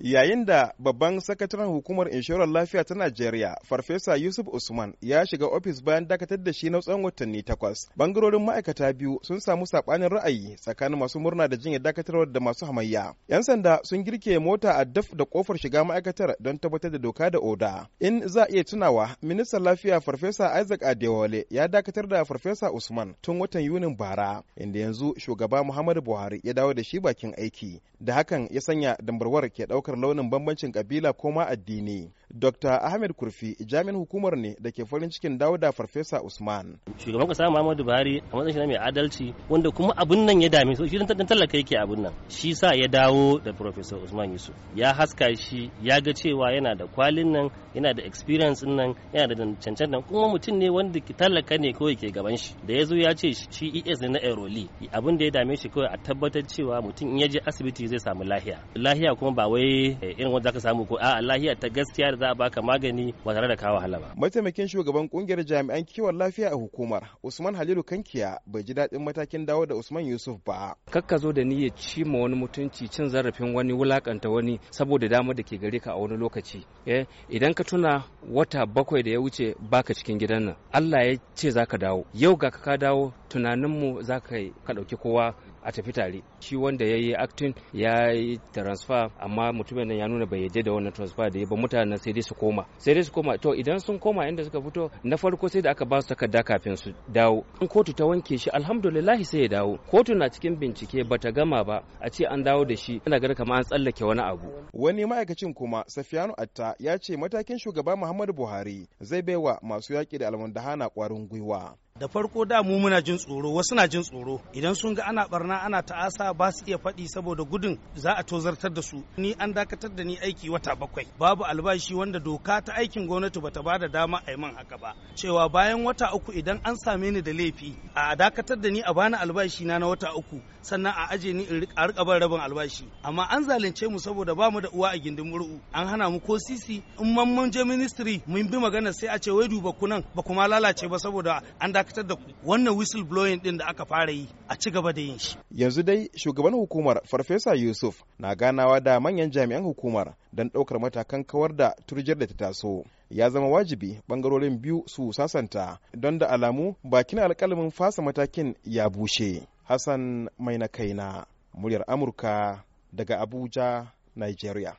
Yayin da babban sakataren hukumar inshorar lafiya ta Najeriya, Farfesa Yusuf Usman ya shiga ofis bayan dakatar da shi na tsawon watanni takwas. Bangarorin ma'aikata biyu sun samu saɓanin ra'ayi tsakanin masu murna da jinya dakatarwar da masu hamayya. 'Yan sanda sun girke mota a daf da kofar shiga ma'aikatar don tabbatar da doka da oda. In za a iya tunawa, ministan lafiya Farfesa Isaac Adewale ya dakatar da Farfesa Usman tun watan Yunin bara, inda yanzu shugaba Muhammadu Buhari ya dawo da shi bakin aiki. Da hakan ya sanya dambarwar ke ɗauka ɗaukar launin bambancin ƙabila ko ma addini Dr. Ahmed Kurfi jami'in hukumar ne da ke farin cikin dawo Farfesa Usman. Shugaban kasa Muhammadu Buhari a matsayin shi mai adalci wanda kuma abun nan ya dame shi dan tallaka yake abun nan. Shi sa ya dawo da Farfesa Usman Yusuf. Ya haska shi ya ga cewa yana da kwalin nan, yana da experience nan, yana da cancan nan kuma mutum ne wanda tallaka ne kawai ke gaban shi. Da ya zo ya ce shi ES ne na Aeroli. Abun da ya dame shi kawai a tabbatar cewa mutum in ya je asibiti zai samu lahiya. Lahiya kuma ba wai eh, irin wanda zaka samu ko a'a lahiya ta gaskiya da za a baka magani ba tare da ka wahala ba mataimakin shugaban kungiyar jami'an kiwon lafiya a hukumar usman halilu kankiya bai ji daɗin matakin dawo da usman yusuf ba kakka zo da niyyar ci ma wani mutunci cin zarafin wani wulakanta wani saboda damar da ke gare ka a wani lokaci eh, idan ka tuna wata bakwai da ya wuce baka cikin gidan nan allah ya ce za ka dawo yau ga ka dawo tunaninmu za ka ɗauki kowa a tafi tare shi wanda ya yi actin ya yi transfer amma mutumin nan ya nuna bai yaje da wannan transfer da ya ba mutanen sai dai su koma sai dai su koma to idan sun koma inda suka fito na farko sai da aka ba su takarda kafin su dawo in kotu ta wanke shi alhamdulillah sai ya dawo kotu na cikin bincike bata gama ba a ce an dawo da shi ana ganin kamar an tsallake wani abu wani ma'aikacin kuma Safiyanu Atta ya ce matakin shugaba Muhammadu Buhari zai baiwa masu yaƙi da almundahana kwarin gwiwa da farko da mu muna jin tsoro wasu na jin tsoro idan sun ga ana barna ana ta'asa ba su iya faɗi saboda gudun za a tozartar da su ni an dakatar da ni aiki wata bakwai babu albashi wanda doka ta aikin gwamnati bata ba da dama a yi man haka ba cewa bayan wata uku idan an same ni da laifi a dakatar da ni a bani albashi na na wata uku sannan a aje ni a rika ban rabin albashi amma an zalunce mu saboda ba mu da uwa a gindin mur'u an hana mu ko sisi in ma mun je ministry mun bi magana sai a ce wai duba kunan ba kuma lalace ba saboda an dakatar da wannan whistleblowing din da aka fara yi a ci gaba da yin shi yanzu dai shugaban hukumar farfesa yusuf na ganawa da manyan jami'an hukumar don ɗaukar matakan kawar da turjar da ta taso ya zama wajibi ɓangarorin biyu su sasanta don da alamu bakin alkalamin fasa matakin ya bushe hassan mai na kaina muryar amurka daga abuja nigeria